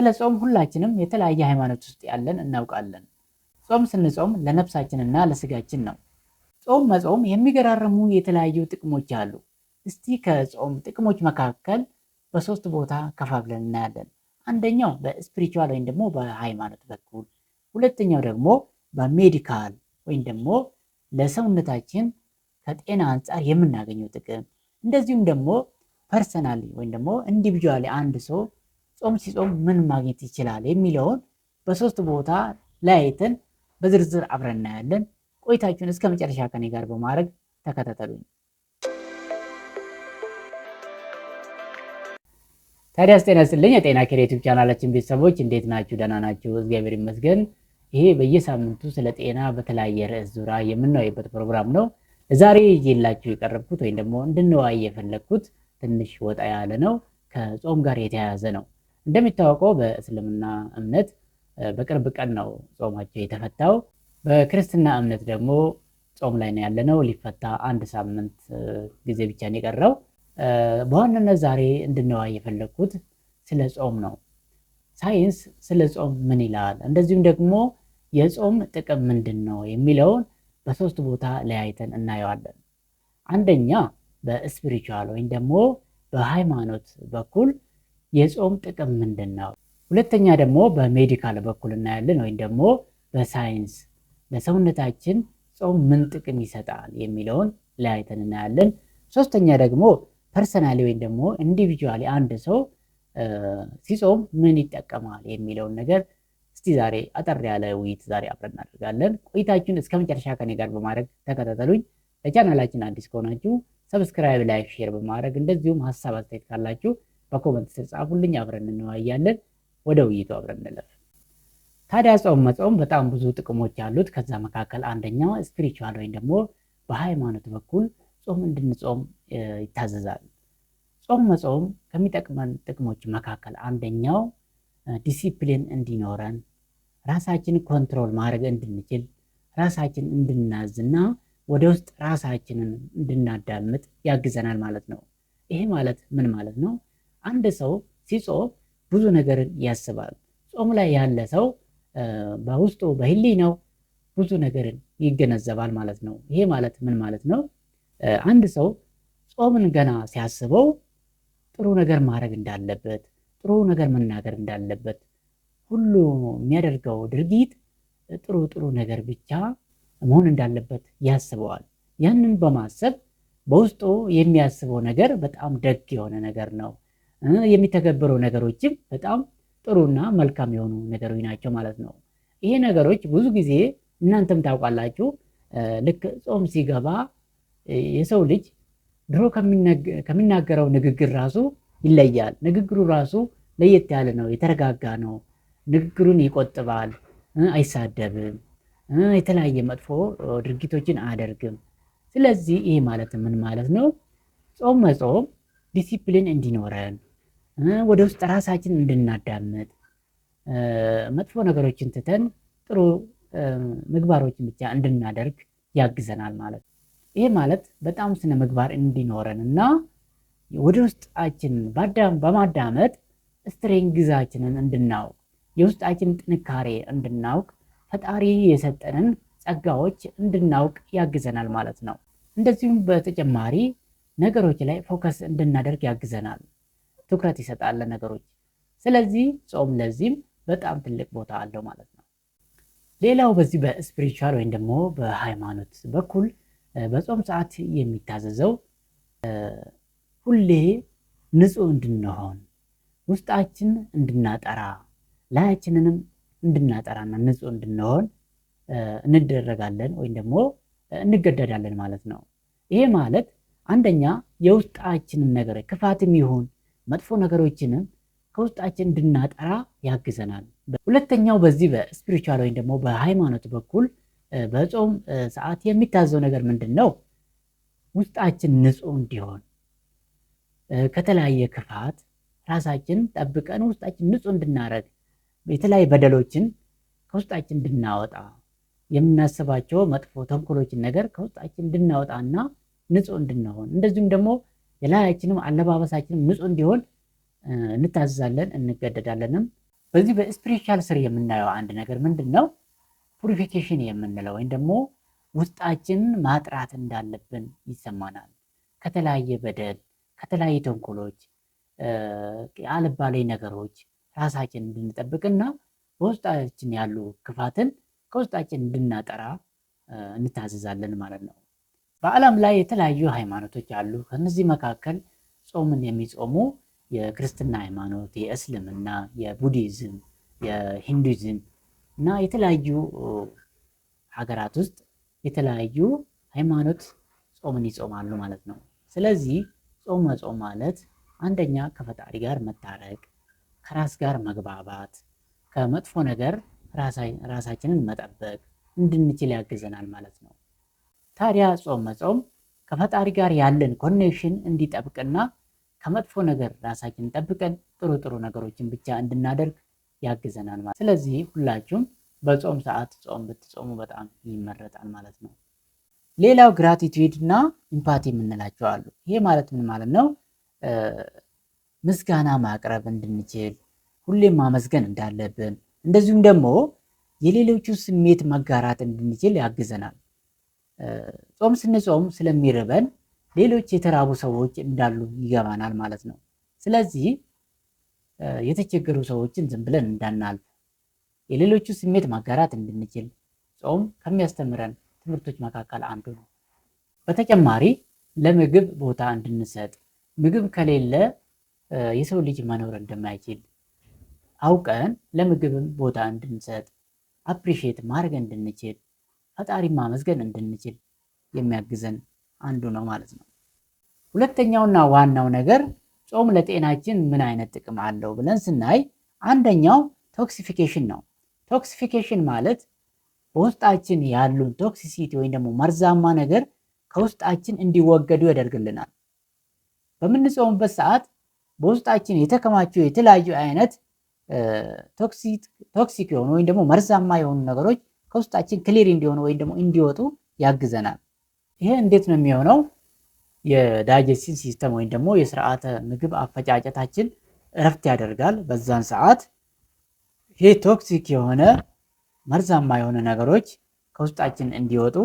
ስለ ጾም ሁላችንም የተለያየ ሃይማኖት ውስጥ ያለን እናውቃለን። ጾም ስንጾም ለነፍሳችንና ለስጋችን ነው። ጾም መጾም የሚገራረሙ የተለያዩ ጥቅሞች አሉ። እስቲ ከጾም ጥቅሞች መካከል በሶስት ቦታ ከፋፍለን እናያለን። አንደኛው በስፒሪቹዋል ወይም ደግሞ በሃይማኖት በኩል፣ ሁለተኛው ደግሞ በሜዲካል ወይም ደግሞ ለሰውነታችን ከጤና አንጻር የምናገኘው ጥቅም፣ እንደዚሁም ደግሞ ፐርሰናሊ ወይም ደግሞ ኢንዲቪጁዋሊ አንድ ሰው ጾም ሲጾም ምን ማግኘት ይችላል የሚለውን በሶስት ቦታ ለያይተን በዝርዝር አብረን እናያለን። ቆይታችሁን እስከ መጨረሻ ከኔ ጋር በማድረግ ተከታተሉኝ። ታዲያስ ጤና ይስጥልኝ። የጤና ኬር ዩቲዩብ ቻናላችን ቤተሰቦች እንዴት ናችሁ? ደህና ናችሁ? እግዚአብሔር ይመስገን። ይሄ በየሳምንቱ ስለ ጤና በተለያየ ርዕስ ዙሪያ የምናወይበት ፕሮግራም ነው። ዛሬ ይዤላችሁ የቀረብኩት ወይም ደግሞ እንድንወያይ የፈለግኩት ትንሽ ወጣ ያለ ነው፣ ከጾም ጋር የተያያዘ ነው። እንደሚታወቀው በእስልምና እምነት በቅርብ ቀን ነው ጾማቸው የተፈታው። በክርስትና እምነት ደግሞ ጾም ላይ ነው ያለነው። ሊፈታ አንድ ሳምንት ጊዜ ብቻ ነው የቀረው። በዋናነት ዛሬ እንድንወያይ የፈለግኩት ስለ ጾም ነው። ሳይንስ ስለ ጾም ምን ይላል፣ እንደዚሁም ደግሞ የጾም ጥቅም ምንድን ነው የሚለውን በሶስት ቦታ ለያይተን እናየዋለን። አንደኛ በስፒሪቹዋል ወይም ደግሞ በሃይማኖት በኩል የጾም ጥቅም ምንድን ነው? ሁለተኛ ደግሞ በሜዲካል በኩል እናያለን ወይም ደግሞ በሳይንስ ለሰውነታችን ጾም ምን ጥቅም ይሰጣል የሚለውን ለያይተን እናያለን። ሶስተኛ ደግሞ ፐርሰናሊ ወይም ደግሞ ኢንዲቪጁዋሊ አንድ ሰው ሲጾም ምን ይጠቀማል የሚለውን ነገር እስቲ ዛሬ አጠር ያለ ውይይት ዛሬ አብረን እናደርጋለን። ቆይታችሁን እስከ መጨረሻ ከኔ ጋር በማድረግ ተከታተሉኝ። ለቻናላችን አዲስ ከሆናችሁ ሰብስክራይብ፣ ላይክ፣ ሼር በማድረግ እንደዚሁም ሀሳብ አስተያየት ካላችሁ በኮመንት ስር ጻፉልኝ፣ አብረን እንወያያለን። ወደ ውይይቱ አብረን እንለፍ። ታዲያ ጾም መጾም በጣም ብዙ ጥቅሞች አሉት። ከዛ መካከል አንደኛው ስፒሪቹዋል ወይም ደግሞ በሃይማኖት በኩል ጾም እንድንጾም ይታዘዛል። ጾም መጾም ከሚጠቅመን ጥቅሞች መካከል አንደኛው ዲሲፕሊን እንዲኖረን፣ ራሳችንን ኮንትሮል ማድረግ እንድንችል፣ ራሳችን እንድናዝና ወደ ውስጥ ራሳችንን እንድናዳምጥ ያግዘናል ማለት ነው። ይሄ ማለት ምን ማለት ነው? አንድ ሰው ሲጾም ብዙ ነገርን ያስባል። ጾም ላይ ያለ ሰው በውስጡ ነው ብዙ ነገርን ይገነዘባል ማለት ነው። ይሄ ማለት ምን ማለት ነው? አንድ ሰው ጾምን ገና ሲያስበው ጥሩ ነገር ማድረግ እንዳለበት፣ ጥሩ ነገር መናገር እንዳለበት ሁሉ የሚያደርገው ድርጊት ጥሩ ጥሩ ነገር ብቻ መሆን እንዳለበት ያስበዋል። ያንን በማሰብ በውስጡ የሚያስበው ነገር በጣም ደግ የሆነ ነገር ነው። የሚተገበሩ ነገሮችም በጣም ጥሩና መልካም የሆኑ ነገሮች ናቸው ማለት ነው። ይሄ ነገሮች ብዙ ጊዜ እናንተም ታውቃላችሁ። ልክ ጾም ሲገባ የሰው ልጅ ድሮ ከሚናገረው ንግግር ራሱ ይለያል። ንግግሩ ራሱ ለየት ያለ ነው፣ የተረጋጋ ነው። ንግግሩን ይቆጥባል፣ አይሳደብም፣ የተለያየ መጥፎ ድርጊቶችን አያደርግም። ስለዚህ ይሄ ማለት ምን ማለት ነው? ጾም መጾም ዲሲፕሊን እንዲኖረን ወደ ውስጥ ራሳችን እንድናዳምጥ መጥፎ ነገሮችን ትተን ጥሩ ምግባሮችን ብቻ እንድናደርግ ያግዘናል ማለት ነው። ይህ ማለት በጣም ስነ ምግባር እንዲኖረን እና ወደ ውስጣችን በማዳመጥ ስትሬንግዛችንን እንድናውቅ የውስጣችን ጥንካሬ እንድናውቅ ፈጣሪ የሰጠንን ጸጋዎች እንድናውቅ ያግዘናል ማለት ነው። እንደዚሁም በተጨማሪ ነገሮች ላይ ፎከስ እንድናደርግ ያግዘናል። ትኩረት ይሰጣል ለነገሮች። ስለዚህ ጾም ለዚህም በጣም ትልቅ ቦታ አለው ማለት ነው። ሌላው በዚህ በስፒሪቹዋል ወይም ደግሞ በሃይማኖት በኩል በጾም ሰዓት የሚታዘዘው ሁሌ ንጹሕ እንድንሆን ውስጣችን እንድናጠራ ላያችንንም እንድናጠራና ንጹሕ እንድንሆን እንደረጋለን ወይም ደግሞ እንገደዳለን ማለት ነው። ይሄ ማለት አንደኛ የውስጣችንን ነገር ክፋትም ይሁን መጥፎ ነገሮችንም ከውስጣችን እንድናጠራ ያግዘናል። ሁለተኛው በዚህ በስፒሪቹዋል ወይም ደግሞ በሃይማኖት በኩል በጾም ሰዓት የሚታዘው ነገር ምንድን ነው? ውስጣችን ንጹህ እንዲሆን ከተለያየ ክፋት ራሳችን ጠብቀን ውስጣችን ንጹህ እንድናደረግ የተለያዩ በደሎችን ከውስጣችን እንድናወጣ የምናስባቸው መጥፎ ተንኮሎችን ነገር ከውስጣችን እንድናወጣና ንጹህ እንድንሆን እንደዚሁም ደግሞ የላያችንም አለባበሳችንም ንጹህ እንዲሆን እንታዘዛለን እንገደዳለንም። በዚህ በስፒሪቹዋል ስር የምናየው አንድ ነገር ምንድን ነው? ፑሪፊኬሽን የምንለው ወይም ደግሞ ውስጣችንን ማጥራት እንዳለብን ይሰማናል። ከተለያየ በደል፣ ከተለያየ ተንኮሎች፣ አልባሌ ነገሮች ራሳችን እንድንጠብቅና በውስጣችን ያሉ ክፋትን ከውስጣችን እንድናጠራ እንታዘዛለን ማለት ነው። በዓለም ላይ የተለያዩ ሃይማኖቶች አሉ። ከነዚህ መካከል ጾምን የሚጾሙ የክርስትና ሃይማኖት፣ የእስልምና፣ የቡዲዝም፣ የሂንዱዝም እና የተለያዩ ሀገራት ውስጥ የተለያዩ ሃይማኖት ጾምን ይጾማሉ ማለት ነው። ስለዚህ ጾም መጾም ማለት አንደኛ ከፈጣሪ ጋር መታረቅ፣ ከራስ ጋር መግባባት፣ ከመጥፎ ነገር ራሳችንን መጠበቅ እንድንችል ያግዘናል ማለት ነው። ታዲያ ጾም መጾም ከፈጣሪ ጋር ያለን ኮኔክሽን እንዲጠብቅና ከመጥፎ ነገር ራሳችን ጠብቀን ጥሩ ጥሩ ነገሮችን ብቻ እንድናደርግ ያግዘናል ማለት። ስለዚህ ሁላችሁም በጾም ሰዓት ጾም ብትጾሙ በጣም ይመረጣል ማለት ነው። ሌላው ግራቲቱድ እና ኢምፓቲ የምንላቸው አሉ። ይሄ ማለት ምን ማለት ነው? ምስጋና ማቅረብ እንድንችል ሁሌም ማመስገን እንዳለብን እንደዚሁም ደግሞ የሌሎቹ ስሜት መጋራት እንድንችል ያግዘናል። ጾም ስንጾም ስለሚርበን ሌሎች የተራቡ ሰዎች እንዳሉ ይገባናል ማለት ነው። ስለዚህ የተቸገሩ ሰዎችን ዝም ብለን እንዳናልፍ የሌሎቹ ስሜት ማጋራት እንድንችል ጾም ከሚያስተምረን ትምህርቶች መካከል አንዱ ነው። በተጨማሪ ለምግብ ቦታ እንድንሰጥ ምግብ ከሌለ የሰው ልጅ መኖር እንደማይችል አውቀን ለምግብም ቦታ እንድንሰጥ አፕሪሺየት ማድረግ እንድንችል ፈጣሪ ማመስገን እንድንችል የሚያግዘን አንዱ ነው ማለት ነው። ሁለተኛውና ዋናው ነገር ጾም ለጤናችን ምን አይነት ጥቅም አለው ብለን ስናይ አንደኛው ቶክሲፊኬሽን ነው። ቶክሲፊኬሽን ማለት በውስጣችን ያሉን ቶክሲሲቲ ወይም ደግሞ መርዛማ ነገር ከውስጣችን እንዲወገዱ ያደርግልናል። በምንጾምበት ሰዓት በውስጣችን የተከማቸው የተለያዩ አይነት ቶክሲክ የሆኑ ወይም ደግሞ መርዛማ የሆኑ ነገሮች ከውስጣችን ክሊር እንዲሆኑ ወይም ደግሞ እንዲወጡ ያግዘናል። ይሄ እንዴት ነው የሚሆነው? የዳይጀስቲን ሲስተም ወይም ደግሞ የስርዓተ ምግብ አፈጫጨታችን እረፍት ያደርጋል። በዛን ሰዓት ይሄ ቶክሲክ የሆነ መርዛማ የሆነ ነገሮች ከውስጣችን እንዲወጡ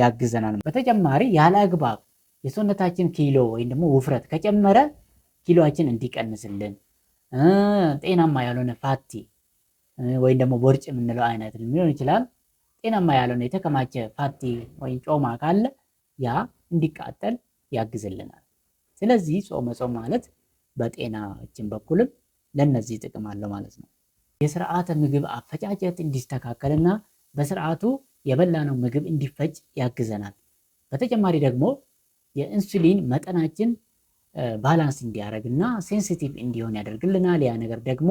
ያግዘናል። በተጨማሪ ያለ አግባብ የሰውነታችን ኪሎ ወይም ደግሞ ውፍረት ከጨመረ ኪሎችን እንዲቀንስልን ጤናማ ያልሆነ ፋቲ ወይም ደግሞ ቦርጭ የምንለው አይነት ሊሆን ይችላል ጤናማ ያልሆነ የተከማቸ ፋቲ ወይም ጮማ ካለ ያ እንዲቃጠል ያግዝልናል። ስለዚህ ጾመ ጾም ማለት በጤናችን በኩልም ለነዚህ ጥቅም አለው ማለት ነው። የስርዓተ ምግብ አፈጫጨት እንዲስተካከልና በስርዓቱ የበላነው ምግብ እንዲፈጭ ያግዘናል። በተጨማሪ ደግሞ የኢንሱሊን መጠናችን ባላንስ እንዲያደርግና ሴንሲቲቭ እንዲሆን ያደርግልናል። ያ ነገር ደግሞ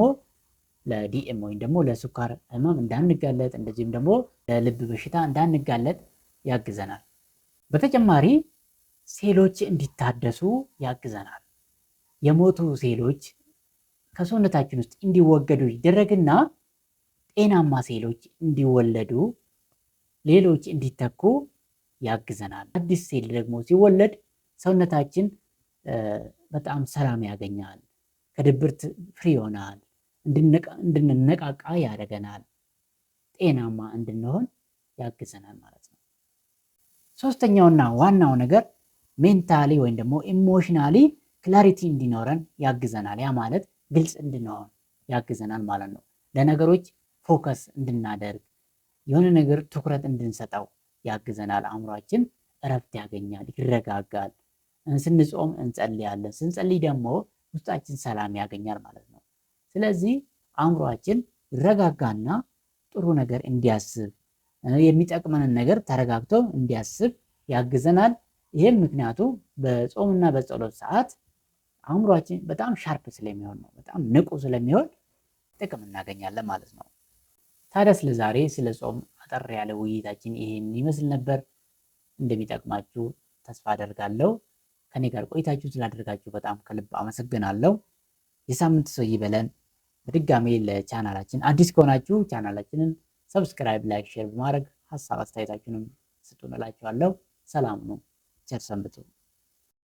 ለዲኤም ወይም ደግሞ ለስኳር ህመም እንዳንጋለጥ እንደዚሁም ደግሞ ለልብ በሽታ እንዳንጋለጥ ያግዘናል። በተጨማሪ ሴሎች እንዲታደሱ ያግዘናል። የሞቱ ሴሎች ከሰውነታችን ውስጥ እንዲወገዱ ይደረግና ጤናማ ሴሎች እንዲወለዱ፣ ሌሎች እንዲተኩ ያግዘናል። አዲስ ሴል ደግሞ ሲወለድ ሰውነታችን በጣም ሰላም ያገኛል፣ ከድብርት ፍሪ ይሆናል። እንድንነቃቃ ያደርገናል፣ ጤናማ እንድንሆን ያግዘናል ማለት ነው። ሶስተኛውና ዋናው ነገር ሜንታሊ ወይም ደግሞ ኢሞሽናሊ ክላሪቲ እንዲኖረን ያግዘናል። ያ ማለት ግልጽ እንድንሆን ያግዘናል ማለት ነው። ለነገሮች ፎከስ እንድናደርግ የሆነ ነገር ትኩረት እንድንሰጠው ያግዘናል። አእምሯችን እረፍት ያገኛል፣ ይረጋጋል። ስንጾም እንጸልያለን። ስንጸልይ ደግሞ ውስጣችን ሰላም ያገኛል ማለት ነው። ስለዚህ አእምሯችን ረጋጋና ጥሩ ነገር እንዲያስብ የሚጠቅመንን ነገር ተረጋግቶ እንዲያስብ ያግዘናል። ይህም ምክንያቱ በጾምና በጸሎት ሰዓት አእምሯችን በጣም ሻርፕ ስለሚሆን ነው፣ በጣም ንቁ ስለሚሆን ጥቅም እናገኛለን ማለት ነው። ታዲያ ስለ ዛሬ ስለ ጾም አጠር ያለ ውይይታችን ይሄን ይመስል ነበር። እንደሚጠቅማችሁ ተስፋ አደርጋለሁ። ከኔ ጋር ቆይታችሁ ስላደርጋችሁ በጣም ከልብ አመሰግናለሁ። የሳምንት ሰው ይበለን። በድጋሚ ለቻናላችን አዲስ ከሆናችሁ ቻናላችንን ሰብስክራይብ፣ ላይክ፣ ሼር በማድረግ ሀሳብ አስተያየታችሁንም ስጡን እላችኋለሁ። ሰላም ነው። ቸር ሰንብቱ።